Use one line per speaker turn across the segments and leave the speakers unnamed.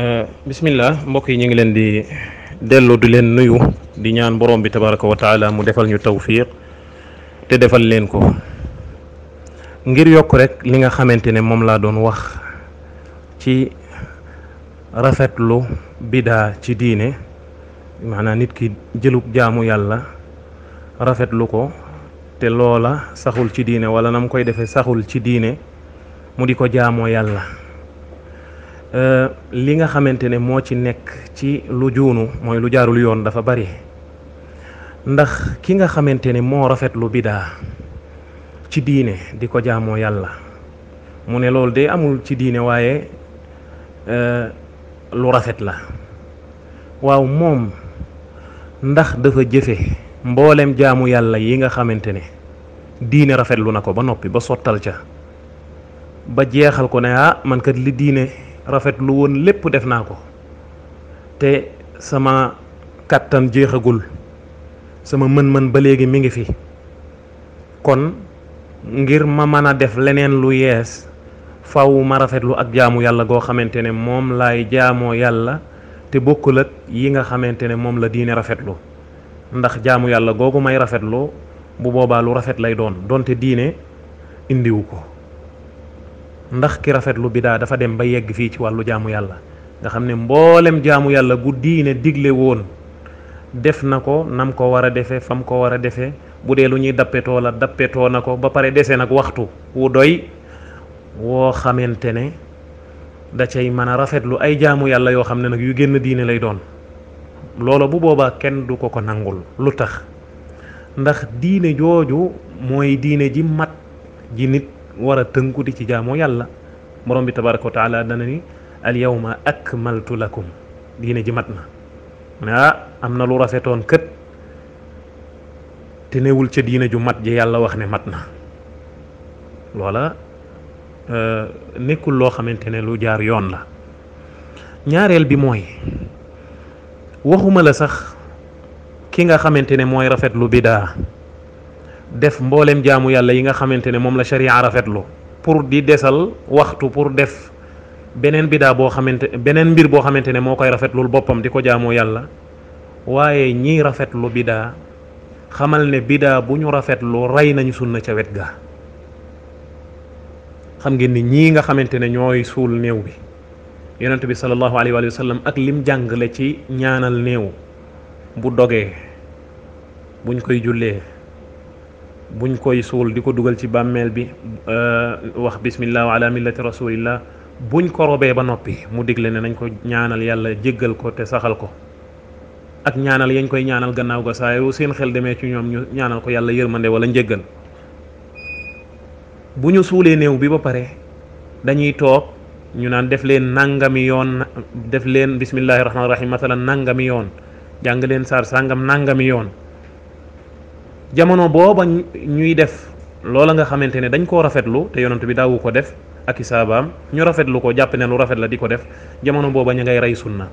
Euh, bismillah mbokk yi ñu ngi leen di delloo di leen nuyu di ñaan boroom bi tabaraka wa mu defal ñu tawfiq te defal leen ko ngir yokk rekk li nga xamante ne moom laa doon wax ci rafetlu bidaa ci diine maanaam nit ki jëlug jaamu yàlla rafetlu ko te loola saxul ci diine wala na mu koy defee saxul ci diine mu di ko jaamoo yàlla euh, li nga xamante ne moo ci nekk ci lu juunu mooy lu jaarul yoon dafa bari ndax ki nga xamante ne moo rafet lu bidaa ci diine di ko jaamoo yàlla mu ne loolu de amul ci diine waaye euh, lu rafet la waaw moom ndax dafa jëfe mboolem jaamu yàlla yi nga xamante ne diine rafetlu na ko ba noppi ba sottal ca ba jeexal ko ne ah man kat li diine rafetlu woon lépp def naa ko te sama kàttan jeexagul sama mën-mën ba léegi mi ngi fi kon ngir ma mën a def leneen lu yees faw ma rafetlu ak jaamu yàlla goo xamante ne moom laay jaamoo yàlla te bokkul ak yi nga xamante ne moom la diine rafetlu ndax jaamu yàlla googu may rafetlu bu boobaa lu rafet lay doon donte diine indiwu ko ndax ki rafetlu bidaa dafa dem ba yegg fii ci wàllu jaamu yàlla nga xam ne mboolem jaamu yàlla gu diine digle woon def na ko nam ko war a defe fam ko war a defe bu dee lu ñuy dappetoo la dappetoo na ko ba pare dese nag waxtu wu doy woo xamante ne da cay mën a rafetlu ay jaamu yàlla yoo xam ne nag yu génn diine lay doon loola bu boobaa kenn du ko ko nangul lu tax ndax diine jooju mooy diine ji mat ji nit wara tënku di ci jaamoo yàlla borom bi tabaraka wa taala dana ni al ak akmaltu lakum diine ji mat na ah, am na lu rafetoon kët te newul ca diine ju mat ji yàlla wax ne mat na loola euh, nekkul loo xamante ne lu jaar yoon la ñaareel bi mooy waxuma la sax ki nga xamante ne mooy rafetlu bidaa def mboolem jaamu yàlla yi nga xamante ne moom la sharia rafetlu pour di desal waxtu pour def beneen bidaa boo xamante beneen mbir boo xamante ne moo koy rafetlul boppam di ko jaamoo yàlla waaye ñiy rafetlu bidaa xamal ne bidaa bu ñu rafetlu rey nañu sunna ca wet ga xam ngeen ni ñii nga xamante ne ñooy suul néew bi yonent bi sallallahu alayhi wa sallam ak lim jàngale ci ñaanal néew bu dogee buñ koy jullee buñ koy suul di ko dugal ci bàmmeel bi euh, wax bismillah wa ala millati rasulillah buñ ko robee ba noppi mu digle ne nañ ko ñaanal yàlla jéggal ko te saxal ko ak ñaanal yañ koy ñaanal gannaaw ga saa yu seen xel demee ci ñoom ñu ñaanal ko yàlla yërmande wala njéggal bu ñu suulee néew bi ba pare dañuy toog ñu naan def leen nangami yoon def leen bismillahi rahmaani rahim masalan nangami yoon jàng leen saar sàngam nangami yoon jamono booba ñuy def loola nga xamante ne dañ koo rafetlu te yonent bi daawu ko def ak i saabaam ñu rafetlu ko jàpp ne lu rafet la di ko def jamono booba ñu ngay rey sunna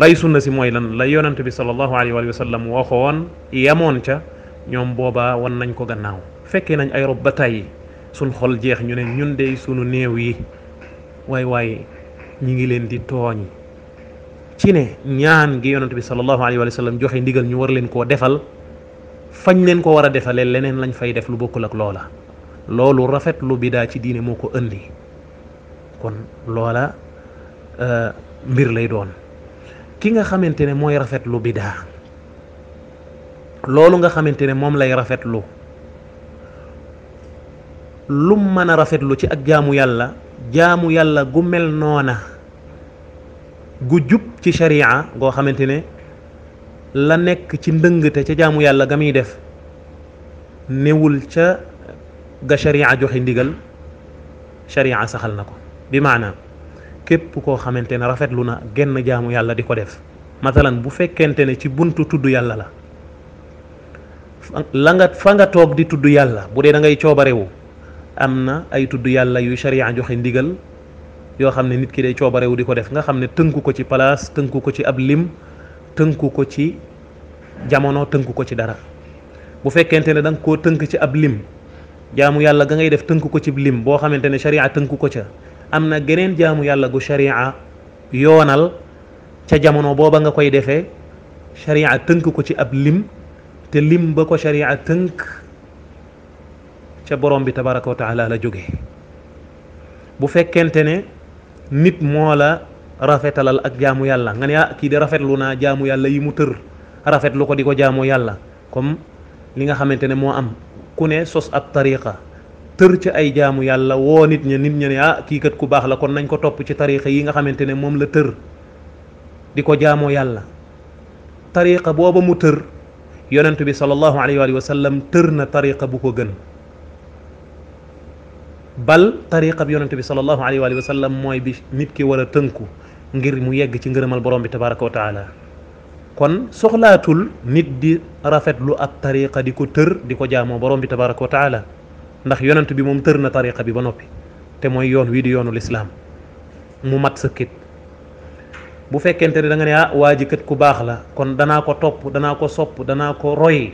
rey sunna si mooy lan la yonent bi sallallahu alayhi wa sallam waxoon yamoon ca ñoom boobaa wan nañ ko gannaaw fekkee nañ ay rob ba tàyyi suñ xol jeex ñu ne ñun dey sunu néew yi way way ñi ngi leen di tooñ ci ne ñaan gi yonante bi sallallahu alayhi wa sallam joxe ndigal ñu war leen koo defal fañ leen ko war a defalee leneen lañ fay def lu bokkul ak loola loolu rafet lu bidaa ci diine moo ko kon loola euh, mbir lay doon ki nga xamante ne mooy rafet lu bidaa loolu nga xamante ne moom lay lu lu mën a lu ci ak jaamu yàlla jaamu yàlla gu mel noona gu jub ci sharia goo xamante ne la nekk ci ndëngte ca jaamu yàlla ga muy def newul ca ga sharia joxe ndigal sharia saxal na ko bi maanaam képp koo xamante ne rafetlu na genn jaamu yàlla di ko def matalan bu fekkente ne ci buntu tudd yàlla la la nga fa nga toog di tudd yàlla bu dee da ngay coobarewu am na ay tudd yàlla yu sharia joxe ndigal yoo xam ne nit ki day coobarewu di ko def nga xam ne tënku ko ci place tënku ko ci ab lim tënku ko ci jamono tënku ko ci dara bu fekkente ne da nga koo tënk ci ab lim jaamu yàlla ga ngay def tënku ko ci lim boo xamante ne sharia tënku ko ca am na geneen jaamu yàlla gu sharia yoonal ca jamono booba nga koy defee sharia tënk ko ci ab lim te lim ba ko sharia tënk ca borom bi tabaraka wa taala la joge bu fekente ne nit muala la rafetalal ak jaamu yalla nga ne ki ah, kii de rafetlu na jaamu yalla yi mu tër rafetlu ko di ko jaamu yalla comme li nga xamantene ne am ku ne sos ab tariqa teur ci ay jaamu yalla. wo nit ña nit ña ne ah kii kat ku bax la kon nañ ko top ci tariqa yi nga xamantene ne la teur di ko yalla tariqa booba mu teur yonent bi sallallahu alaihi wa sallam teur na tariqa bu ko gën bal tariqa bi yonente bi sallallahu alayhi wa mooy bi nit ki war a tënku ngir mu yegg ci ngërëmal borom bi tabaraka wa kon soxlaatul nit di rafetlu ab tariqa di ko tër di ko jaamoo borom bi tabaraka wa taala ndax yonent bi moom tër na tariqa bi ba noppi te mooy yoon wii di yoonu lislaam mu mat sa sëkkit bu fekkente ne da ne ah waa ji ku baax la kon danaa ko topp danaa ko sopp danaa ko roy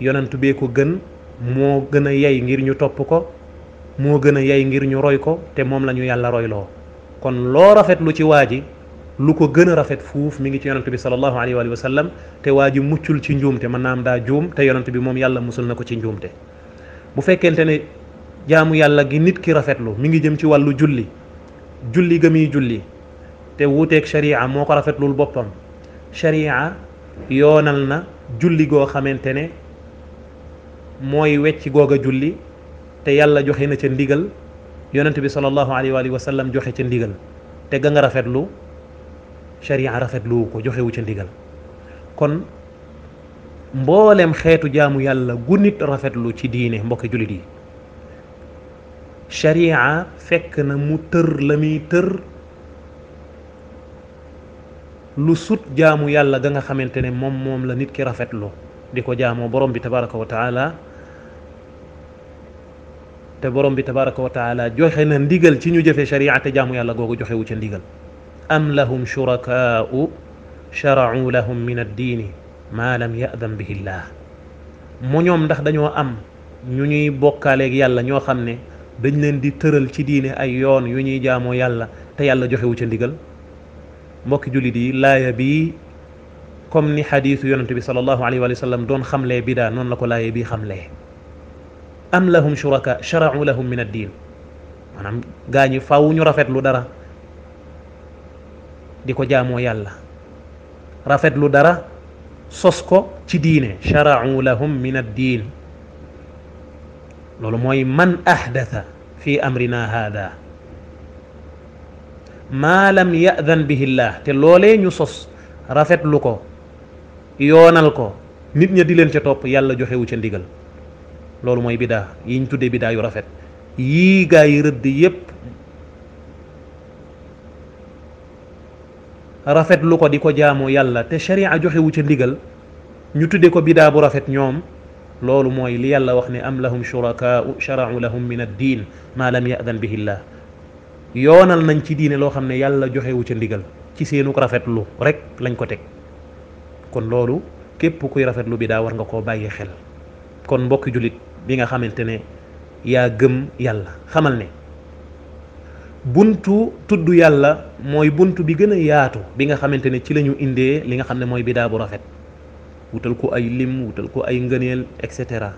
yonent bee ko gën moo gën a yey ngir ñu topp ko moo gën a yey ngir ñu roy ko te moom la ñu yàlla royloo kon loo rafet lu ci waa lu ko gën a rafet fuuf mi ngi ci yonent bi salallahu alayhi wa sallam te waa muccul ci njuumte mën naa am daa juum te yonent bi moom yàlla musul na ko ci njuumte bu fekkente ne jaamu yàlla gi nit ki rafetlu mi ngi jëm ci wàllu julli julli ga julli te wuuteeg sharia moo ko rafetlul boppam sharia yoonal na julli goo xamante ne mooy wecc googa julli te yàlla joxe na ca ndigal yonent bi sallallahu alayhi wa sallam joxe ca ndigal te ga nga rafetlu sharia rafetlu ko joxe wu ca ndigal kon mbollem xetu jaamu yàlla gu nit rafetlu ci diine mbokk julit yi sharia fekk na mu teur lami teur lu sut jaamu yàlla ga nga xamantene mom mom la nit ki rafetlu diko jaamo borom bi tabaaraku taala te borom bi tabaraka wa taala joxe na ndigal ci ñu jëfe shari'a te jaamu yàlla joxe wu ci ndigal am lahum shuraka'u shara'u lahum min ad-din ma lam ya'dham bihi allah mo ñom ndax dañoo am ñu ñuy bokalé ak yàlla ño xamne dañ leen di teural ci diine ay yoon yu ñuy jaamoo yàlla te yàlla joxe wu ci ndigal mbokk julit yi laaya bi comme ni hadith yonente bi sallallahu alayhi wa sallam doon xamlee bidaa noonu la ko laaya bi xamlee am lahum shuraka shara'u lahum min ad-diin maanaam gaa ñi faaw ñu rafetlu dara di ko jaamoo yàlla rafetlu dara sos ko ci diine shara'u lahum min ad-diin loolu mooy man ahdatha fi amrina hada maa lam ya'dan bihi llah te loolee ñu sos rafetlu ko yoonal ko nit ña di leen ca topp yàlla joxewu ca ndigal lolou moy bida yiñ tuddé bida yu rafet yi gaay reud yépp rafet lu ko di jaamu yàlla te sharia joxewu ci ligal ñu tuddé ko bida bu rafet ñom lolou moy li yàlla wax ne am lahum shurakaau sharau lahum min ad-din ma lam ya'dhan bihi llah yonal nañ ci diine lo xamné ne yàlla joxewu ci ligal ci seenu rafetlu rek lañ ko tek kon lolou képp kuy rafetlu biddaa war nga ko bàyyi xel kon mbokki julit bi nga xamante ne yaa gëm yàlla xamal ne buntu tudd yàlla mooy bunt bi gën a yaatu bi nga xamante ne ci lañu indee li nga xam ne mooy bidaa bu rafet wutal ko ay lim wutal ko ay ngëneel et cetera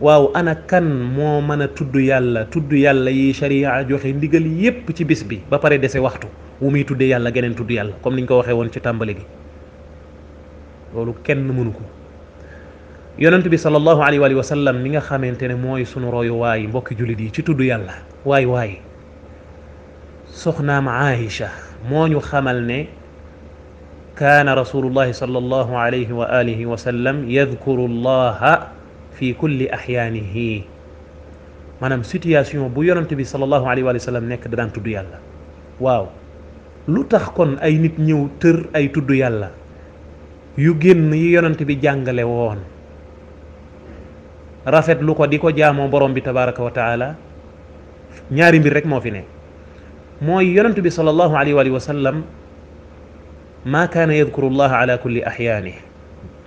waaw ana kan moo mën a tudd yàlla tudd yàlla yi sharia joxe ndigal yépp ci bis bi ba pare dese waxtu wu muy tuddee yàlla geneen tudd yàlla comme niñ ko waxee woon ci tàmbali gi loolu kenn mënu ko yonent bi sallallahu alayhi wa alihi wa sallam ni nga xamantene moy sunu roy way mbok julit yi ci tuddu yalla way way soxna ma aisha moñu xamal ne كان رسول الله صلى الله عليه وآله وسلم يذكر الله في كل أحيانه مانام سيتياسيون بو يونتبي صلى الله عليه وآله وسلم نيك دان تودو يالا واو لوتاخ كون اي نيت نيو تير اي تودو يالا يو ген يي يونتبي جانغالي وون rafet lu ko diko ko borom bi tabaraka wa taala ñaari mbir rek mo fi ne moy yonentu bi sallallahu alaihi wa sallam ma kana yadhkuru allah ala kulli ahyani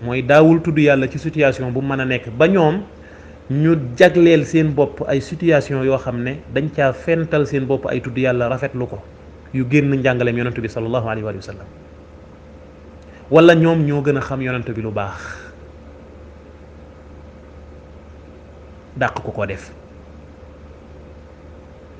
moy dawul tuddu yàlla ci situation bu meuna nek ba ñom ñu jaglel seen bop ay situation yo xamne dañ ca fental seen bop ay tuddu yàlla rafet lu ko yu génn njangalem yonentu bi sallallahu alaihi wa sallam wala ñom ñoo gëna xam yonentu bi lu baax dàq ku ko def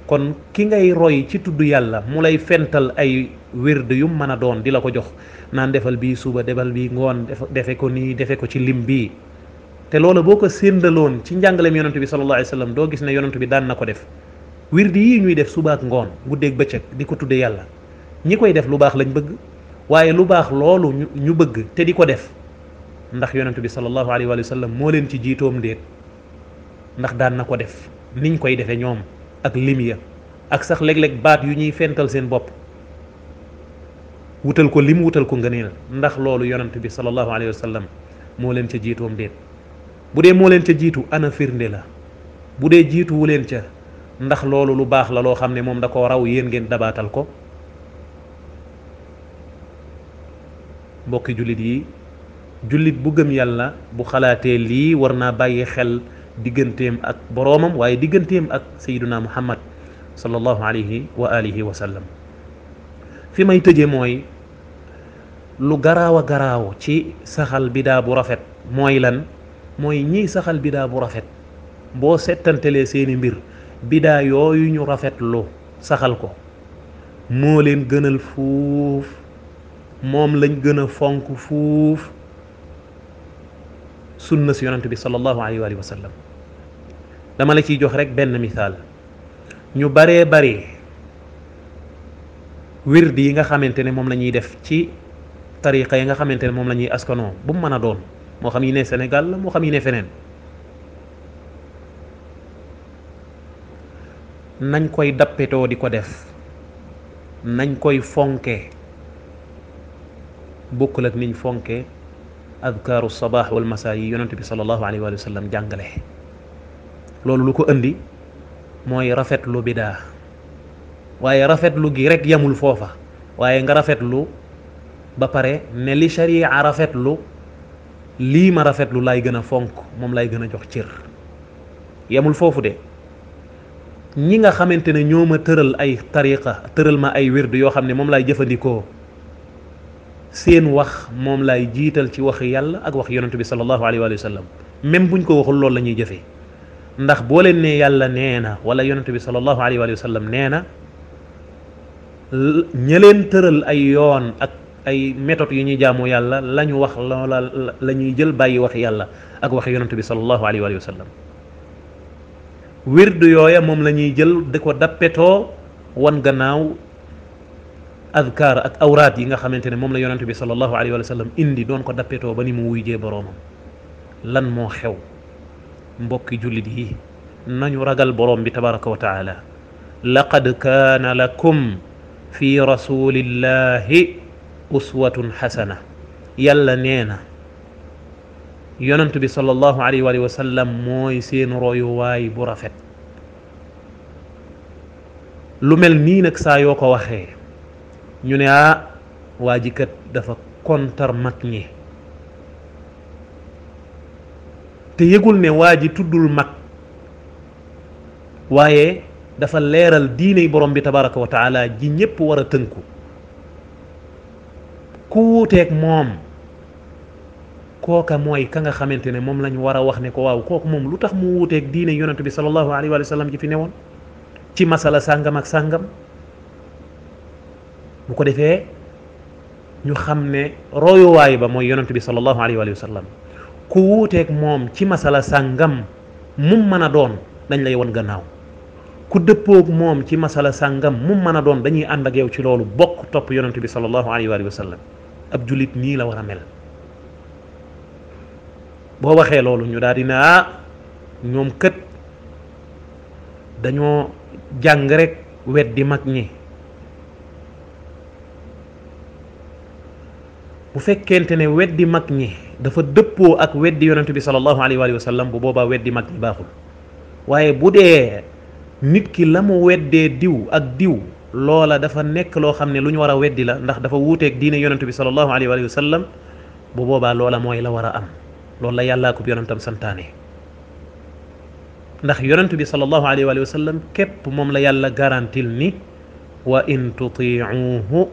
kon ki ngay roy ci tuddu yalla mu lay fental ay wérd yu mën don doon di ko jox nan defal bi suba defal ngon ngon defé ko ni defé ko ci lim bi té loola boko ko séndaloon ci njàngaleem yonent bi sallallahu alayhi wasallam do gis bi dan na def wirdi yi ñuy def suba ak ngon guddé ak di diko tuddé yalla ñi koy def lu bax lañ bëgg waye lu bax loolu ñu bëgg té diko def ndax yonent bi sallallahu alayhi wasallam mo ci deet ndax daan na ko def niñ koy defee ñoom ak lim ya ak sax léeg-léeg baat yu ñuy fental seen bopp wutal ko lim wutal ko ngëneel ndax loolu yonent bi salallahu alayhi wa sallam moo leen ca jiitoom déet bu dee moo leen ca jiitu ana firnde la bu dee jiitu wu leen ca ndax loolu lu baax la loo xam ne moom da koo raw yéen ngeen dabaatal ko mbokki jullit yi jullit bu gëm yàlla bu xalaatee lii war naa bàyyi xel digganteem ak boroomam waaye digganteem ak sayyiduna muhammad sallallahu alayhi wa alihi wa sallam fi may tëje mooy lu garaaw a garaaw ci saxal biddaa bu rafet mooy lan mooy ñiy saxal biddaa bu rafet boo settantelee seeni mbir biddaa yooyu ñu rafetlu saxal ko moo leen gënal fuuf moom lañ gën a fonk fuuf sunna si yonent bi sallallahu alayhi wa sallam dama la ciy jox rek benn misaal ñu baree baree wird yi nga xamante ne moom lañuy def ci tariqa yi nga xamante ne moom la ñuy askanoo bu mu mën a doon moo xam yi ne Sénégal la moo xam yi ne feneen nañ koy dappetoo di ko def nañ koy fonke bokkul ak niñ fonke adkaru sabah wal masa yi yonent bi sallallahu alayhi wa sallam jàngale loolu andi, ko indi mooy rafetlu bidaa lugi rafetlu gi rek yamul foofa waaye nga rafetlu ba pare ne li sharia rafetlu lii ma rafetlu fonk moom laay gën jox cër yamul foofu de ñi nga xamante ne ñoo ma ay tariqa tëral ma ay wird yoo xam ne moom seen wax moom lay jiital ci wax yàlla ak wax yonent bi sallallahu alayhi wa sallam même buñ ko waxul loolu la ñuy jëfee ndax boo leen ne yàlla nee na wala yonent bi sallallahu alayhi wa sallam nee na ña leen tëral ay yoon ak ay méthode yu ñuy jaamu yàlla lañu wax loola la ñuy jël bàyyi wax yàlla ak wax yonent bi sallallahu alayhi wa sallam wirdu yooya moom la ñuy jël di ko dappetoo wan gannaaw adkaar ak awraat yi nga xamante ne moom la yonent bi sallallahu alayhi wa sallam indi doon ko dappetoo ba ni mu wuyjee boroomam lan moo xew mbokki jullit yi nañu ragal boroom bi tabaraka wa taala laqad kaana lakum fi rasulillahi uswatun hasana yàlla nee na yonent bi sallallahu alayhi wa sallam mooy seen royuwaay bu rafet lu mel nii nag saa yoo ko ñu ne ah waa ji kat dafa kontar mag ñi te yëgul ne waa ji tuddul mag waaye dafa leeral diiney borom bi tabaraka wa taala ji ñépp war a tënku ku wuuteeg moom kooka mooy ka nga xamante ne moom lañ war a wax ne ko waaw kooku moom lu tax mu wuuteeg diine yonent bi sallallahu alayhi wa sallam ji fi newoon ci masala sàngam ak sàngam bu ko defee ñu xam ne royuwaay ba mooy yonent bi sallallahu alayhi wa sallam ku wuuteeg moom ci masala sàngam mu mën a doon dañ lay won gannaaw ku dëppoog moom ci masala sàngam mum mën a doon dañuy ànd ak yow ci loolu bokk topp yonent bi sallallahu alayhi wa sallam ab julit nii la war a mel boo waxee loolu ñu daal di ne ah ñoom kët dañoo jàng rekk wet weddi mag ñi bu fekkente ne weddi mag ñi dafa dëppoo ak weddi yonent bi sallallahu alayhi wa sallam bu boobaa weddi mag ñi baaxul waaye bu dee nit ki la mu weddee diw ak diw loola dafa nekk loo xam ne lu ñu war a weddi la ndax dafa wuuteeg diine yonent bi sallallahu alayhi wa sallam bu boobaa loola mooy la war a am loolu la yàllaa ko yonentam santaane ndax yonent bi sallallahu alayhi wa sallam képp moom la yàlla garantil ni wa in tutiuhu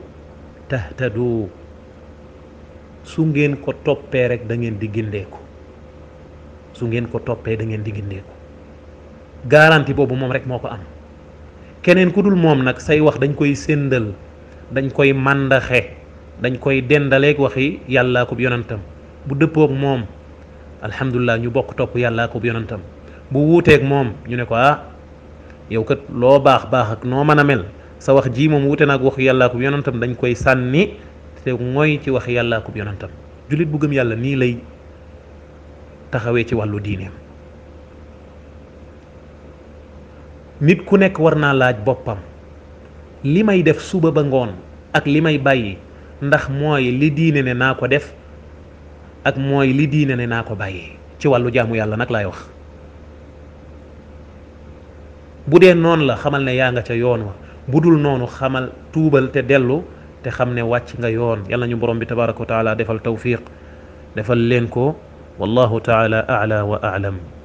tahtadu su ngeen ko toppee rek da ngeen di gindeeku su ngeen ko toppee da ngeen di gindeeku garantie boobu moom rek moo ko am keneen ku dul moom nag say wax dañ koy séndal dañ koy màndaxe dañ koy dendaleeg waxi yàllaa ko yonantam bu dëppoog moom alhamdulilah ñu bokk topp yàllaa ko yonantam bu wuuteeg moom ñu ne ko ah yow kat loo baax baax ak noo mën a mel sa wax jii moom wuute naag waxu yàllaako ko yonantam dañ koy sànni te mooy ci wax yàlla akub yonantam jullit bu gëm yàlla nii lay taxawee ci wàllu diineem nit ku nekk war naa laaj boppam li may def suba ba ngoon ak li may bàyyi ndax mooy li diine ne naa ko def ak mooy li diine ne naa ko bàyyi ci wàllu jaamu yàlla nag laay wax bu dee noon la xamal ne yaa nga ca yoon wa bu dul noonu xamal tuubal te dellu te xamne wàcc nga yoon yàlla ñu borom bi tabaaraku taala defal tawfiq defal leen ko wallahu taala ala wa alam